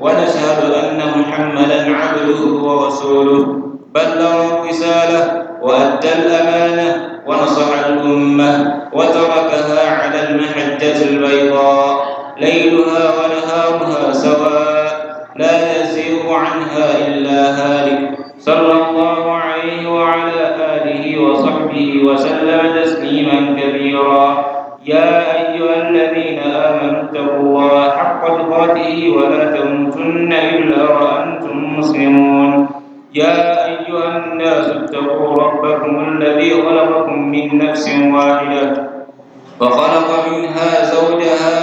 ونشهد أن محمدا عبده ورسوله بلغ الرسالة وأدى الأمانة ونصح الأمة وتركها على المحجة البيضاء ليلها ونهارها سواء لا يزيغ عنها إلا هالك صلى الله عليه وعلى آله وصحبه وسلم تسليما كبيرا يا أيها الذين وامرأته ولا تموتن إلا وأنتم مسلمون يا أيها الناس اتقوا ربكم الذي خلقكم من نفس واحدة وخلق منها زوجها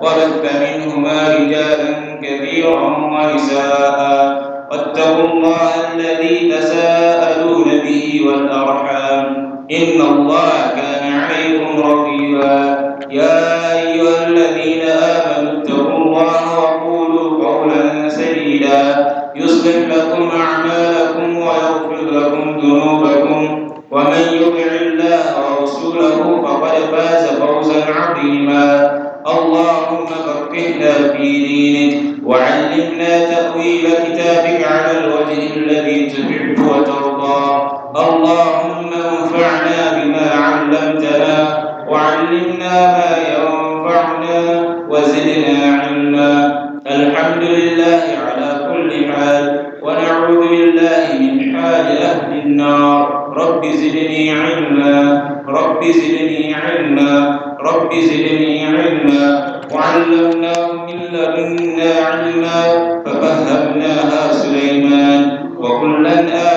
ولب منهما رجالا كثيرا ونساء واتقوا الله الذي تساءلون به والأرحام إن الله كان عليكم رقيبا يا أيها الذين آمنوا اتقوا يصلح لكم أعمالكم ويغفر لكم ذنوبكم ومن يطع الله ورسوله فقد فاز فوزا عظيما اللهم فقهنا في دينك وعلمنا تأويل كتابك على الوجه الذي تحب وترضى اللهم انفعنا بما علمتنا وعلمنا ما زدني علما رب زدني علما وعلمناه من لدنا علما ففهمناها سليمان وكلا آه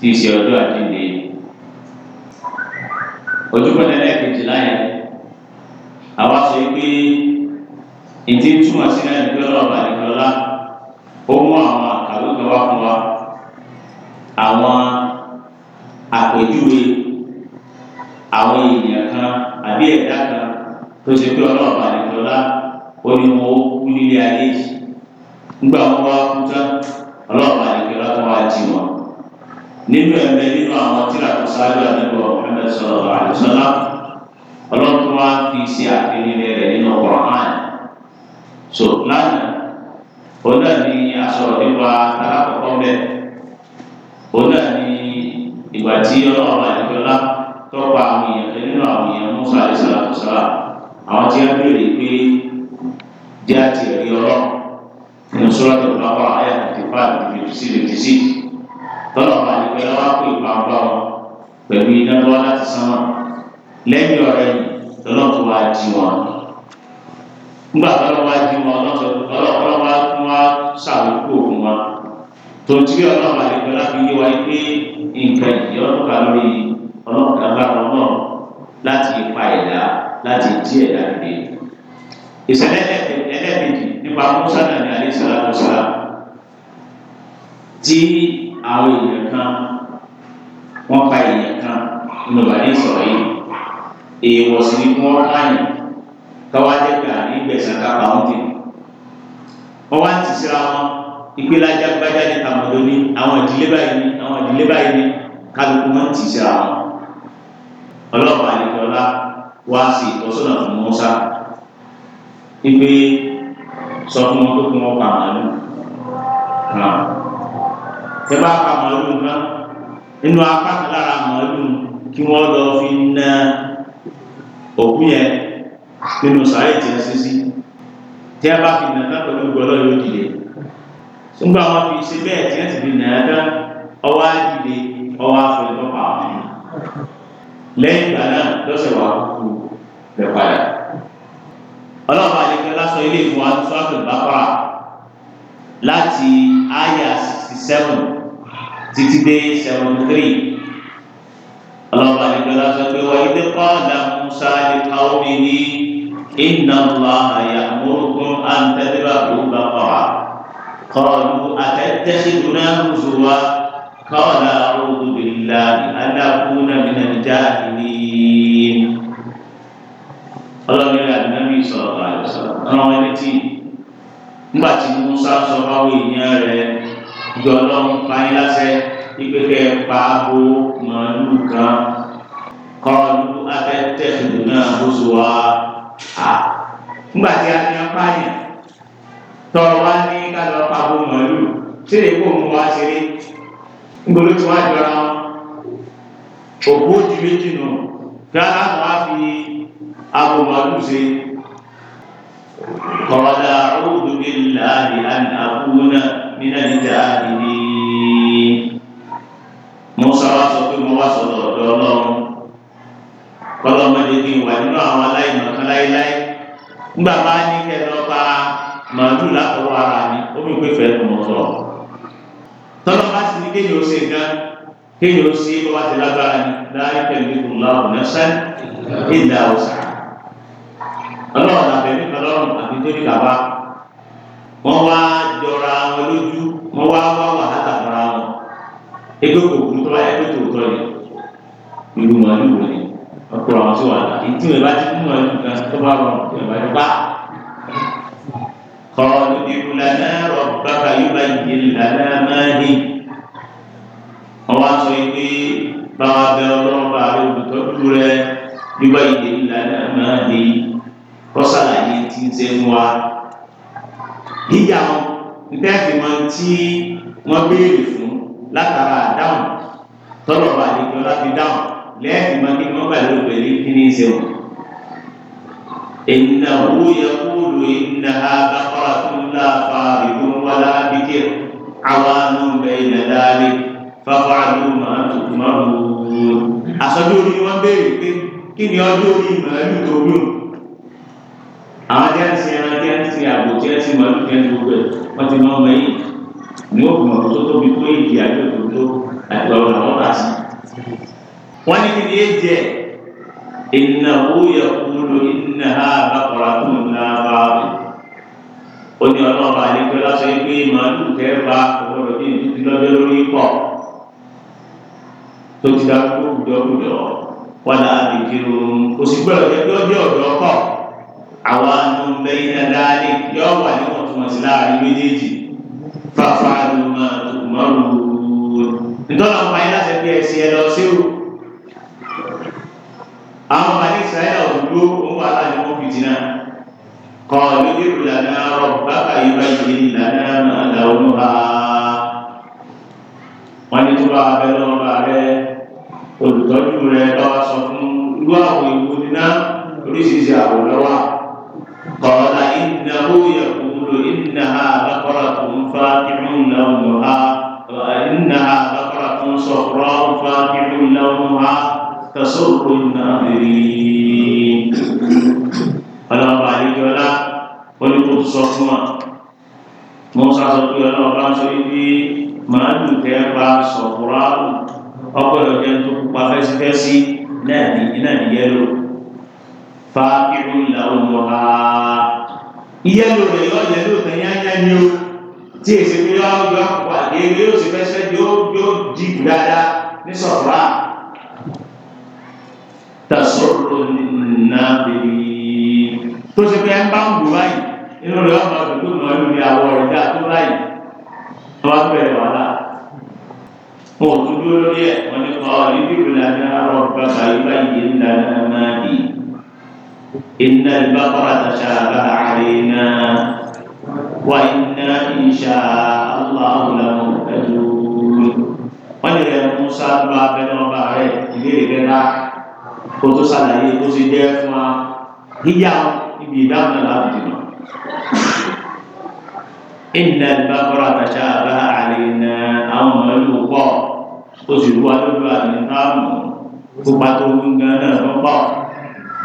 tí í ṣe ọjọ́ àdínde ojúbọ̀dé lẹ́ẹ̀kejì láyé àwa ṣe pé ìdí túmọ̀ sí náà nígbẹ́ ọlọ́ọ̀bà nìkọlá ó mú àwọn àkàwé kan wá fún wa àwọn àpèjúwe àwọn èèyàn kan àbí ẹ̀dá kan tó ṣe pé ọlọ́ọ̀bà nìkọlá ó ní wọn ó kú nílé ayé yìí nígbà wọn wá kú tán. nínú ẹ̀mẹ́ nínú àwọn tíra tó ṣáájú àdúgbò Muhammad sallallahu alaihi wasallam ọlọ́tún wá fi ṣe àfihàn rẹ̀ nínú Qur'an so lánàá ó náà ní asọ̀rọ̀ nípa alákọ̀ọ́kọ́ bẹ́ẹ̀ ó náà ní ìgbà tí ọlọ́run àdìgbọ́lá tọ́pa àwọn èèyàn nínú àwọn èèyàn Musa alayhi salatu wasalam àwọn tí a béèrè pé jẹ́ àti ẹ̀rí ọlọ́run nínú Suratul Baqarah àyà pẹ̀lú iná tó wá láti sánmà lẹ́yìn ọ̀rẹ́ lọ́nà tó wá jí wọn. nígbà tó lọ́wọ́ jí wọn lọ́wọ́ wá ṣàwókù òkun wa tó ti rí ọlọ́pàá àdìgbò láti yé wa pé nǹkan ìdí ọlọ́pàá lórí ọlọ́pàá bá wọn náà láti pa ẹ̀dá láti jí ẹ̀dá dìde. ìṣẹ̀lẹ̀ ẹlẹ́ẹ̀kejì nípa musa náà ní alẹ́ sàlámù sàlámù tí àwọn èèyàn kan wọ́n pa èèyàn kan nínú bàdé sọ̀rọ̀ yìí èèwọ̀ sì ni wọ́n láyìn káwá jẹ́ pé àrígbẹ̀sán kápá wọn ti wọ́n wá ti síra wọn ìgbélájà gbájá ní tàmọ̀dọ́ ní àwọn ìdílé báyìí ní àwọn ìdílé báyìí ní kálukú wọn ti síra wọn ọlọ́pàá àdìgbọ́lá wá sí ìtọ́sọ́nà fún mọ́sá ìgbé sọ fún wọn tó fún wọn pa màálù tẹ bá pa màálù náà nínú apá kan lára màálù kí wọ́n lọ fi na òkú yẹn nínú sàárè tí wọ́n ṣe sí tí a bá fi nà ká pẹ̀lú gbọ́dọ̀ yóò dìde nígbà wọn fi ṣe bẹ́ẹ̀ tí wọ́n ti fi nà á dán ọwọ́ á ọwọ́ á fẹ́ lọ́pàá lẹ́yìn ìgbà náà lọ́sẹ̀ wà kúkú rẹ̀ padà ọlọ́pàá àdìgbẹ́ lásán ilé ìfowópamọ́ sọ́ọ̀tún bá para láti àyà sixty seven títí dé seventy three ọlọ́ba àdìgbọ́lá sọ pé wà á dé kọ́ọ̀dà musa ní káwọ́mì ní iná ńlá àyà mọ́rùkún àǹtẹ̀dẹ́rẹ́ àbúgbà pàwà kọ́ọ̀dù àtẹ̀tẹ̀síkùnà mùsùlùmá kọ́ọ̀dà àrùn bìlá adákùnà mìíràn jáde ọlọ́mọdé àdínábì sọ̀rọ̀ àìsàn ọ̀rọ̀ ẹni tí nígbà tí musa sọ fáwọn èèyàn rẹ̀ gbé ọlọ́run pa yín lásẹ̀ ìgbẹ́kẹ̀ paabo màálù kan kọlu afẹ́tẹ́sùn náà oṣù wa a ńgbà tí a ní apáyàn tọ́ wa ní kálọ̀ paabo màálù tí lè kó òun wá ṣeré ńgbọ́dọ̀ tí wọ́n á jọra wọn òkú ojú méjì nù rárá wọn á fi abo màálù ṣe. قال أعوذ بالله أن أكون من الجاهلين Musa wá sọ pé mo wá sọ̀rọ̀ ọ̀dọ̀ ọlọ́run kọlọ́mọdé kí n wà nínú àwọn aláìmọ̀kan láéláé nígbà bá ní kẹ́ lọ bá màálù látọwọ́ ara mi ó mi pé fẹ́ẹ́ mọ̀ sọ. tọ́lọ́ bá sì ní kéèyàn ó ṣe gan kéèyàn ó ṣe bó bá ti lágbára ni láàrín pẹ̀lú ìkùnlá ọ̀nà sẹ́ni ìdá ọ̀sà. ọlọ́run àbẹ̀ mi kan lọ́rùn bàbá wọ́n wá jọra wọn lójú wọ́n wá wá wàhálà ẹgbẹ́ òkùnkùn tó wáyé pé tòótọ́ ni ìlú màálù wò ni ọkọ̀ àwọn tó wà láti tí wọn bá ti mú màálù kan tó bá rọrùn tí wọn bá ti bá. kọ́ọ̀lù ìrùlànà rọ̀bàkà yóò bá yìí lànà máa ní. wọ́n wá sọ pé báwa bẹ ọlọ́run bá rẹ olùtọ́jú rẹ yóò bá yìí lànà máa ní. kọ́sàlàyé ti ń sẹ́nu wa. yíyà wọn ń tẹ́sí wọn tí wọ́n béèrè fún látara àdáhùn tọ́lọ̀ bá àdéjọ láti dáhùn lẹ́ẹ̀sì máa kí wọ́n bá lóògbé ní kíní ṣe wọn. ìnà owó yẹ kúrò ìnà abakọ́ra tó ń lá fa ìgbóhùnwálá bíkẹ́ àwọn àánú bẹ ìnà dáadé fáfá àdúgbò máa tó máa wò ó. àsọjú orí ni béèrè pé kí ni ọjọ́ orí màálù tó gbòó àwọn jẹ́ ń sin ẹran jẹ́ ń sin àbò jẹ́ ń sin màálù ń gbogbo wọ́n ti máa ń mọ ní òkùnmọ̀ tó tó tóbi tó èdè àbí òkùnmọ̀ tó àti ọ̀rọ̀ làwọn bá sí. wọ́n ní kí ni yéé jẹ ìnáwó yẹ̀kúrò ìnáhà bàkọ̀rà tó ná bá rẹ̀. ó ní ọlọ́ọ̀bà nígbẹ́ lọ́sọ̀ yìí pé màálù kẹfà ọ̀rọ̀ bíi títí lọ́jọ́ lórí pọ̀ tó ti dáa kó kùdọ́kùdọ́ wọn là á bì kiri òun kò sì gbọ́dọ̀ jẹ́ pé ọjọ́ ọ̀dọ́ pọ̀ àwa nù bẹ́yìn dáadáa ní yọ wà ní wọ̀ntúnwọ̀nsí láàrin méjèèjì fàfà àlùmọ̀ àtùmọ̀ wò ntọ́nà ọmọ ayé láti ẹgbẹ́ ẹsẹ̀ ẹ lọ sí o àwọn ọmọ ayé israẹl ọ̀dọ́ owó aláàbò wọn fìdí náà kọ́ lóde ìlànà rọ bàbá yìí bá yìí ìlànà náà làwọn ọmọ wọn ní tó bá abẹ lọ́wọ́ bá rẹ olùtọ́jú rẹ lọ́wọ́ sọ fún irú àwọn ìwúni náà oríṣiríṣi àwọn lọ́wọ́ kọ́ ọ̀la ìnáwó yẹ̀wò. إنها بقرة فاتح لونها وإنها بقرة صفراء فاتح لونها تسر الناظرين ọlọ́run àlejò ọlá olùkó sọ fún ọ mo ń sàṣọ pé ọlọ́run bá ń sọ wípé màálù tẹ́ pa sọ̀kúrọ̀ àrùn ọgbọ́dọ̀ jẹ́ tó pupa fẹ́sífẹ́sí náà ní yẹ́lò fa irun ìlà òun lọ́ha ìyẹ́lò rẹ̀ lọ́jẹ̀ ló tẹ̀ yányá ni ó tí èsì pé yọ yọ àpò àdé ilé yóò sì fẹsẹ̀ yóò yóò di dáadáa ní sọ̀rọ̀ tàṣọ́rọ̀ náà bèbí tó ṣe pé ẹ ń bá ń gbò báyìí inú rẹ̀ ọmọ rẹ̀ tó nà lórí àwọ̀ rẹ̀ dá tó báyìí wọ́n bẹ̀rẹ̀ wàhálà wọn ò tún dúró lórí ẹ̀ wọ́n ní kọ́ ọ ní bíbélà ní arọ́ bàbá yìí báyìí ńlá náà máa dì إن البقرة شابه علينا وإنا إن شاء الله لمهتدون وجد موسى بابا بن وبعه إليه بنا كنت سنعي كسي ديفما هجاو إبيدام لابدنا إن البقرة شابه علينا أو ملوكا كسي دوا دوا دوا دوا دوا دوا دوا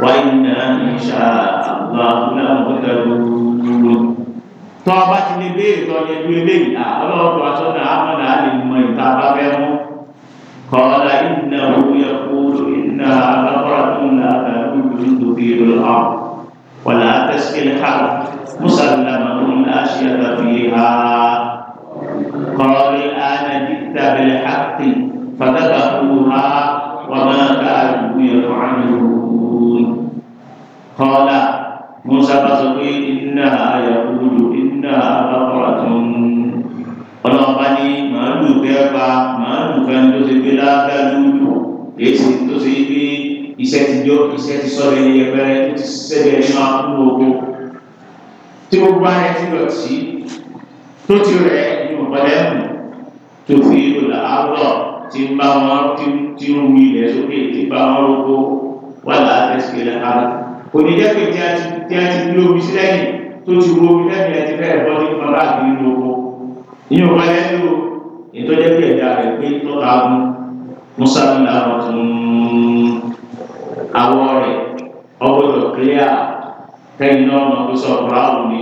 وإنا إن شاء الله لمهتدون tọ́ ọba ti lè béèrè tọ́ ní ẹbí eléyìí ọlọ́run tó aṣọ náà á mọ̀nà á lè mọ ìta bá fẹ́ mú kọ́ọ̀lá ìnà owó yẹ kó ìnà alákọ̀ọ́rọ̀ tó ń la àgbàdo nítorí ìlú ọ̀hún wàlá tẹ̀síkẹ́lẹ́ káàkó mùsàlámà tó ń la ṣe àtàkùn ha kọ́ọ̀lá ànàdìtàbẹ̀lẹ̀ àkùtì fàdábàá. kọ́lá musa bá sọ pé iná ayọ̀kúlù iná abákọ̀ọ̀tún ọlọ́ọ̀bá ní màálù kẹfà màálù kan tó ti gbé lágbàlú èsì tó ti gbé iṣẹ́ ti jó iṣẹ́ ti sọ̀rọ̀ ẹni ẹgbẹ́rẹ́ tó ti sẹ́bẹ̀ẹ́ nínú akúrò oko tí ó bá ẹ ti dọ̀tí tó ti rẹ̀ ní ọ̀pọ̀lẹ́mù tó fi ìrọ̀lá àárọ̀ tí ń bá wọn tí ń wí ilẹ̀ sókè tí bá wọn roko wà láti ẹsẹ̀ ara kò ní jẹ́ pé tí a ti tí a ti gbé omi sílẹ̀ yìí tó ti wo omi lẹ́yìn ẹtì bẹ́ẹ̀ bọ́ ní kọ́lá àbí inú oko inú ọba yẹn ló ètò jẹ́ pé ẹ̀dá rẹ̀ pé tọ́ka mú musa ní àwọn tó ń awọ rẹ̀ ọgbọ́dọ̀ kílíà kẹ́yìn náà mọ̀ pé sọ̀rọ̀ àwọn ni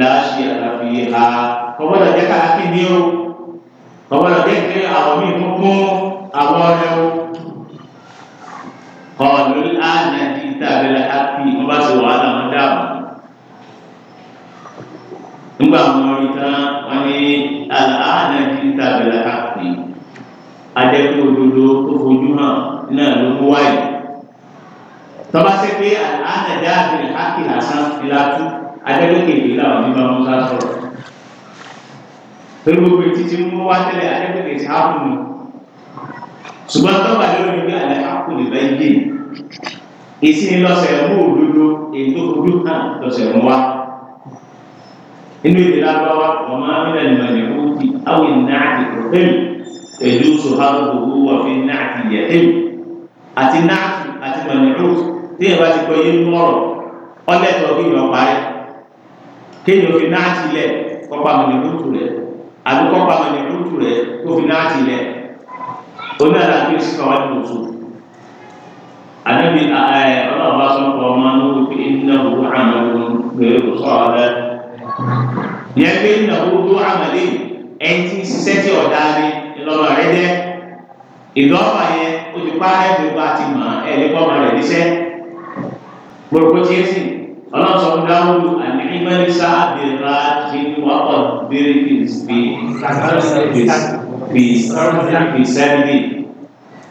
láàṣì àlàfi ha ọgbọ́dọ̀ jẹ́ káàkiri ní o ọgbọ́dọ̀ jẹ́ pé àwọn míì tó kún àwọn ọ̀rẹ́ o kọ̀ọ̀lù ánẹ̀ níta àbẹ̀lẹ̀ hapi wọ́n bá sọ wàhálà wọn dáàbò. nígbà wọn rí tán wọn ní àlàáhànà ti níta àbẹ̀lẹ̀ hapi adẹ́kùn òdodo tó fojú hàn náà ló mú wáyé. tọ́ba ṣe pé àlàáhànà dá àbẹ̀lẹ̀ hapi lásán ìlàtú adẹ́kùn kèké làwọn ní bá wọn sá sọ̀rọ̀. torí gbogbo etí ti mú wá tẹ́lẹ̀ adẹ́kùn kèké sáà mi. ṣùgbọ́n tọ́ba lórí bí àlẹ́ hapi lè bá yé èsì ni lọ́sẹ̀ mú òdodo èyí tó fojú hàn lọ́sẹ̀ mú wa inú ìdè lágbáwá ọmọ amínà ní mànyẹ̀wò ti àwọn ìnáàtì rọ̀tẹ́lì pẹ̀lú sọ̀hárò gbogbo wà fi náàtì yẹ̀tẹ́lì àti náàtì àti mànyẹ̀wò tí ìyẹn bá ti gbọ́ yé nú ọ̀rọ̀ ọ̀lẹ́tọ̀ kí ìyọ̀ parí kéèyàn fi náàtì lẹ̀ kọ́pa mànyẹ̀wò tù rẹ̀ àbí kọ́pa mànyẹ̀wò tù anabi ọlọ́ọ̀bá sọ̀kọ̀ ọmọ lórí pé iná owó àmàlú gbèrè kò sọ̀ ọ̀rẹ́. yẹn pé iná owó tó àmàlé ẹni tí ṣiṣẹ́ tí ọ̀dà ni ìlọ́rọ̀ rẹ jẹ́ ìdọ́fà yẹn ó ti pa ẹ̀ gbogbo àti mọ̀ ọmọ rẹ̀ níṣẹ́. gbogbo tí ẹ sì ọlọ́sọ̀ ń dáwọ́ àmì ìmọ̀lẹ́sà àbẹ̀rẹ̀ àti wàkọ̀ bẹ̀rẹ̀ kìí fi sẹ́ẹ̀dì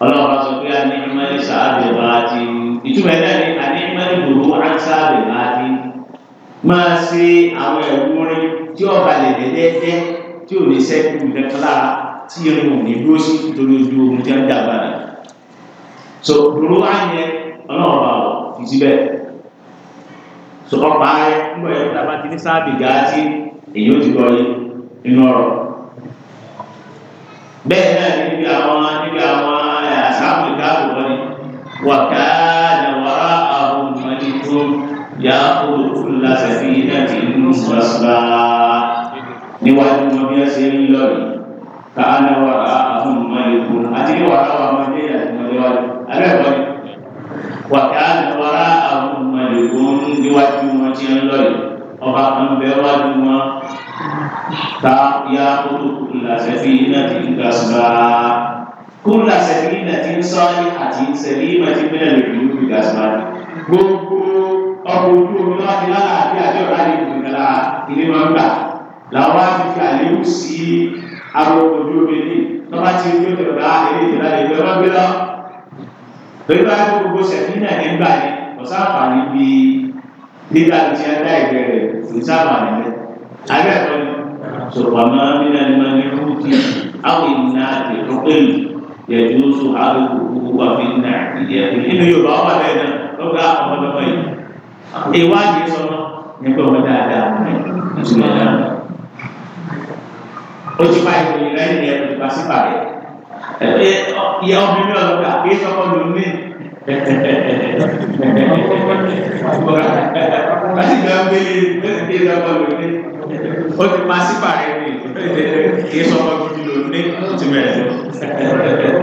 ọlọ́ọ̀bá sọ mẹ́rin sáàbẹ̀ bá ti ìtumọ̀ ẹ̀dá ni àní mẹ́rin gbòòrò á sáàbẹ̀ bá ti máa ṣe àwọn ẹ̀wù rẹ tí ọba lè dẹ́dẹ́dẹ́ tí ò ní sẹ́kù nẹ́kọ́lá tí irun ò ní sí nítorí ojú oorun tí wọ́n dà padà. so gbòòrò á yẹ ọlọ́run bá wọ̀ síbẹ̀ so ọba rẹ nígbà yẹn tá a bá ti ní sáàbẹ̀ gá ti èyí ó ti gbọ́ yé inú ọ̀rọ̀ bẹ́ẹ̀ náà níbi àwọn níbi àwọn وكان وراءهم ملك يأخذ كل سفينة غصبا níwájú wọn bí ẹ ṣe ń lọ yìí káàánú wàrà àwọn ọmọ ìlú àti ní wàrà wà máa dé àti wọn níwájú abẹ́ẹ̀kọ́ ni wà káàánú wàrà àwọn ọmọ ìlú níwájú wọn ti ń lọ yìí ọba kan bẹ wájú wọn ká yá olùkùn làṣẹ fi iná ti ń ga sùn rárá kúlà sẹ́fìlínà tí ń sọ́ọ́lì àti sẹ́fìlínà tí mílẹ̀ lè fi lùkù ìdá sọ́ọ́lì. gbogbo ọkọ̀ ojú omi náà ti lára àti àjọ ọ̀rá lè dùn nígbà ilé wọn gbà làwọn á fi fi àléébù sí àwọn ọkọ̀ ojú omi ní tọ́ba ti ń gbé ọ̀rá ilé ìtura lè gbé wọn gbé lọ. torí bá gbogbo sẹ́fìlínà ní gbà ní ọ̀sáfàní bí dídá ti ń dá ìgbẹ́ rẹ̀ ọ̀sáfàní ní kúkì àwọn ìnà àti ìrọ̀pẹ́lú يجوز عرضه وفي النعتية إنه يبقى ولنا لو لا أمد مي إيواجي صلى nípa ọmọ dáadáa ìṣúná náà ó ti bá ìròyìn rẹ ní ẹrù ìgbà sí bàrẹ ìyá obìnrin ọlọ́gà kì í sọ́kọ́ ló ní láti gbà gbé kí í sọ́kọ́ ló ní ó ti máa sí bàrẹ ní kì í sọ́kọ́ gidi ló ní ó ti bẹ̀rẹ̀.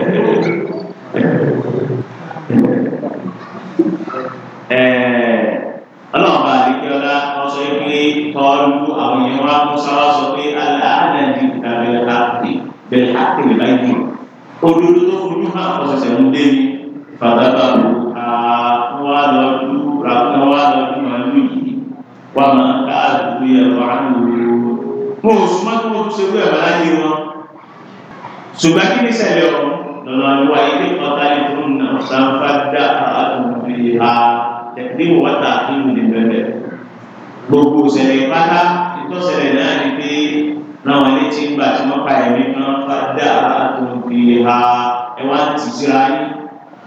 tẹ̀lé wọ́n ta nínú ìbẹ̀rẹ̀ gbogbo ṣẹlẹ̀ pátá ìtọ́sẹ̀lẹ̀ náà ni pé láwọn ilé tí ń gbà tí wọ́n pa ẹ̀mí kan fádà tó fi ha ẹ wá ń tì síra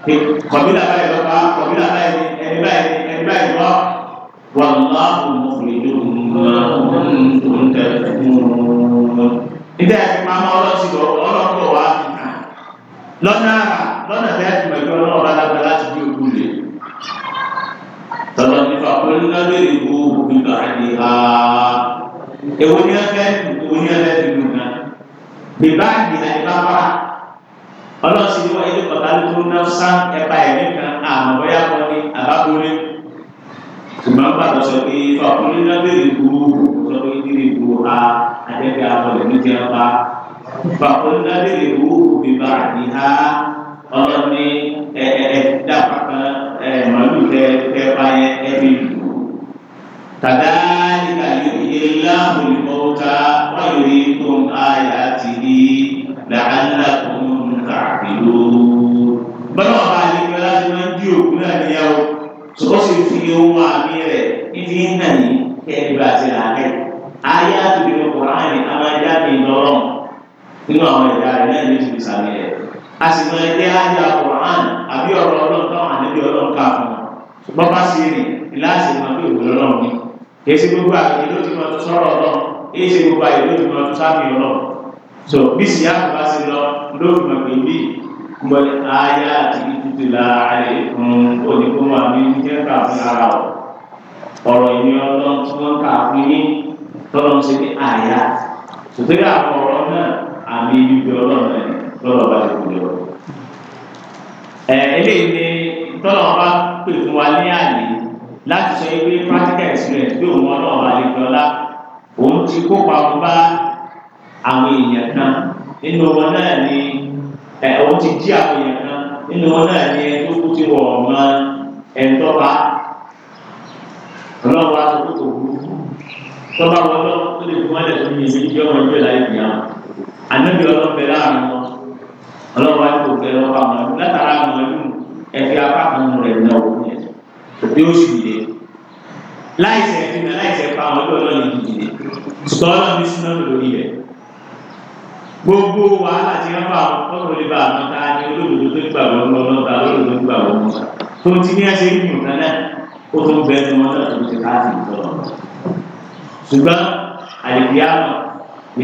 yín kọ̀bílà báyìí lọ́pàá kọ̀bílà báyìí ẹni báyìí ẹni báyìí lọ́ wọ́n lọ́ ìdá ẹ̀fí máa ma ọlọ́sìn lọ́nà ọ̀rọ̀ wá lọ́nà àrà lọ́nà tẹ́ẹ̀fì mẹ́jọ náà قلنا اضربوه ببعدها ewúni ẹfẹ ewúni ẹfẹ fi dùn náà bíbá ìdílé ìbára ọlọ́sìn ni wọ́n yẹ kọ́tà lóko náà sá ẹ̀ka ẹ̀mí kan àwọn bóyá wọn ni àbábólé ṣùgbọ́n pàtó sọ pé ọkùnrin náà béèrè gbòòrò sọ pé ìdílé gbòòrò a àdẹ́gbẹ́ àbọ̀lẹ̀ ní ti ọba ọkùnrin náà béèrè gbòòrò bíbá ìhá ọlọ́ni ẹ̀ẹ́dẹ́gbẹ́ kan ẹ̀ẹ́dẹ́gbẹ́ kan ẹ̀ẹ́dẹ́gbẹ́ kan ẹ̀ẹ́dẹ́gbẹ́ ẹ̀ẹ́dẹ́gbẹ́ ẹ̀ẹ́dẹ́gbẹ́ ẹ̀ẹ́dẹ́gbẹ́ ẹ̀ẹ́dẹ́gbẹ́ ẹ̀ẹ́dẹ́gbẹ́ ẹ̀ẹ́dẹ́gbẹ́ ẹ̀ẹ́dẹ́gbẹ́ ẹ̀ẹ́dẹ́gbẹ́ ẹ̀ẹ́dẹ́gbẹ́ ẹ̀ẹ́dẹ́gbẹ́ ẹ̀ẹ́dẹ́gbẹ́ ẹ̀ẹ́dẹ́gbẹ́ kan كذلك يحيي الله الموتى ويريكم آياته لعلكم تعقلون bọ́lá ọba àlejò láti máa ń di òkú náà níyàwó tó ó sì fi ohun àmì rẹ̀ níbi náà ní kẹ́ẹ̀dùn àti làákẹ́ ayé àtúndì ọkùnrin ní amájáde lọ́rọ̀ nínú àwọn ẹ̀dá rẹ̀ náà ní ìtúbi sàmì rẹ̀ a sì máa ń dé ayé àkùnrin àbí ọ̀rọ̀ ọlọ́ọ̀tàn àdébí ọlọ́ọ̀ká fún un bọ́pá sí rìn láti máa bí kìí ṣe gbogbo àyè ló ti máa tún sọ̀rọ̀ náà kìí ṣe gbogbo àyè ló ti máa tún sáfì so bí ìyá kò bá ṣe lọ ló fi máa gbèbí mọ̀lẹ́ ayé àti ìtutù láàárín oníkómọ àbí jẹ́ka fún ara ọ̀ ọ̀rọ̀ ìní ọlọ́run tí wọ́n kà fún yín lọ́lọ́run ṣe ní àyà tòtẹ́lẹ̀ àwọn ọ̀rọ̀ náà àmì ibi ọlọ́run náà lọ́lọ́ bá ti kú lọ. ẹ̀ eléyìí ni tọ́lọ́ bá pè fún wa ní àyè láti sọ yìí pé practical experience bí òun ọlọ́run àlejòọlá òun ti kópa òun bá àwọn èèyàn kan nínú wọn náà ni òun ti jí àwọn èèyàn kan nínú wọn náà ni ẹni tó kú ti wọ̀ ọ̀mọ ẹ̀ńtọ́ba ọlọ́run wa tó kú tó wú tọ́ba wọn lọ tó lè fún wọn lẹ̀ fún mi ìwé ìjọ wọn ìjọ láì bìyà wọn ànábì ọlọ́pẹ láàrin wọn ọlọ́run wa tó kẹ́ lọ́pàá wọn látara àwọn ẹlú ẹ̀fí apá kan rẹ̀ náà yóò sì dìde láìsẹ̀ ìpínlẹ̀ láìsẹ̀ pa àwọn ọjọ́ náà lè dìde ṣùgbọ́n náà ní sínú lórí rẹ̀ gbogbo wàhálà tí wọ́n bá ọ̀rọ̀ lè bá àwọn ta ni olódodo tó gbà wọ́n lọ́wọ́ ta olódodo tó gbà wọ́n lọ́wọ́ tó ti ní ẹsẹ̀ ìlú kan náà ó tó ń bẹ ẹnu wọn náà tó ti káàdì ìtọ́lọ́ ṣùgbọ́n àlèkìyàmọ̀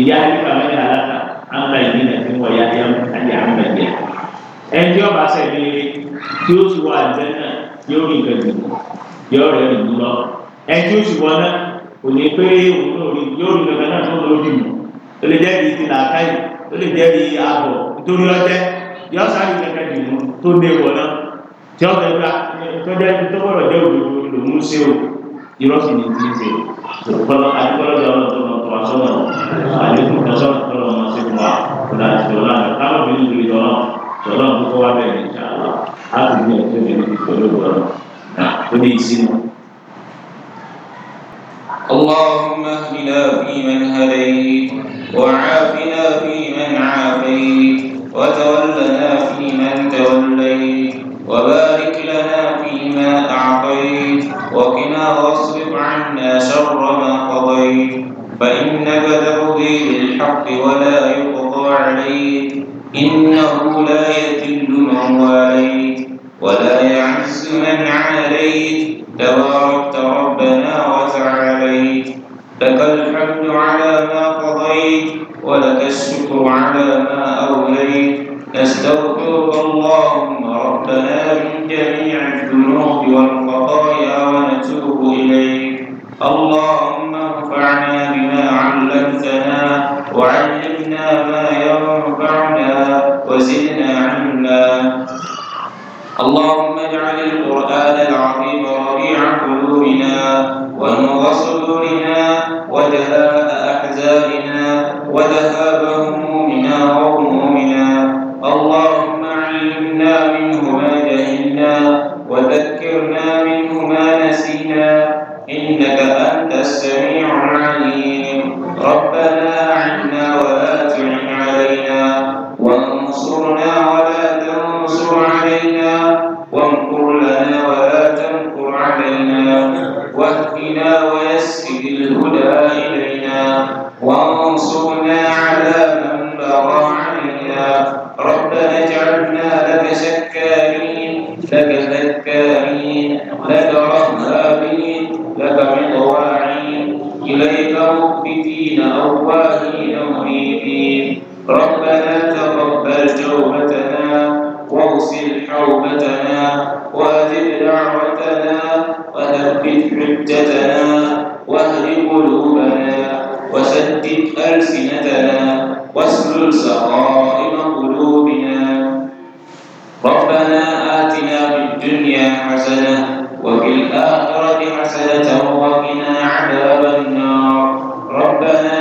ìyá nípa mẹ́rin aláta àǹkà ìdílé tí wọ́n yá yá àti àǹkà ìyá ẹni tí ọba sẹ́ni tí ó ti wà àjẹ́ náà yóò rí nǹkan jù yóò rẹ̀ rìn lọ ẹjú oṣù wọn náà kò ní pé òun náà rí yóò rí nǹkan náà tó lórí mu ó lè jẹ́rìí ti làákàyè ó lè jẹ́rìí ààbọ̀ nítorí ọjẹ́ yóò sáré nǹkan jù mú tó lé wọn náà tí ọ̀gá ìgbà tó jẹ́ tó bọ̀rọ̀ jẹ́ òdodo lòún ṣe o irọ́ sì ní ti ṣe ìfọ̀lọ́ àdìgbọ́lọ́dọ̀ ọlọ́dọ̀ ọ̀tọ̀ àṣọ náà àdìgbọ́lọ́dọ̀ ọ̀tọ̀ àṣọ náà اللهم اهدنا فيمن هديت وعافنا فيمن عافيت وتولنا فيمن توليت وبارك لنا فيما أعطيت وقنا واصرف عنا شر ما قضيت فإنك تقضي بالحق ولا إنه لا يتل من واليت ولا يعز من عاليت تباركت ربنا وتعاليت لك الحمد على ما قضيت ولك الشكر على ما أوليت نستغفرك اللهم ربنا من جميع الذنوب والخطايا ونتوب إليك اللهم ارفعنا بما علمتنا وعلمنا حسنة وفي الآخرة حسنة وقنا عذاب النار ربنا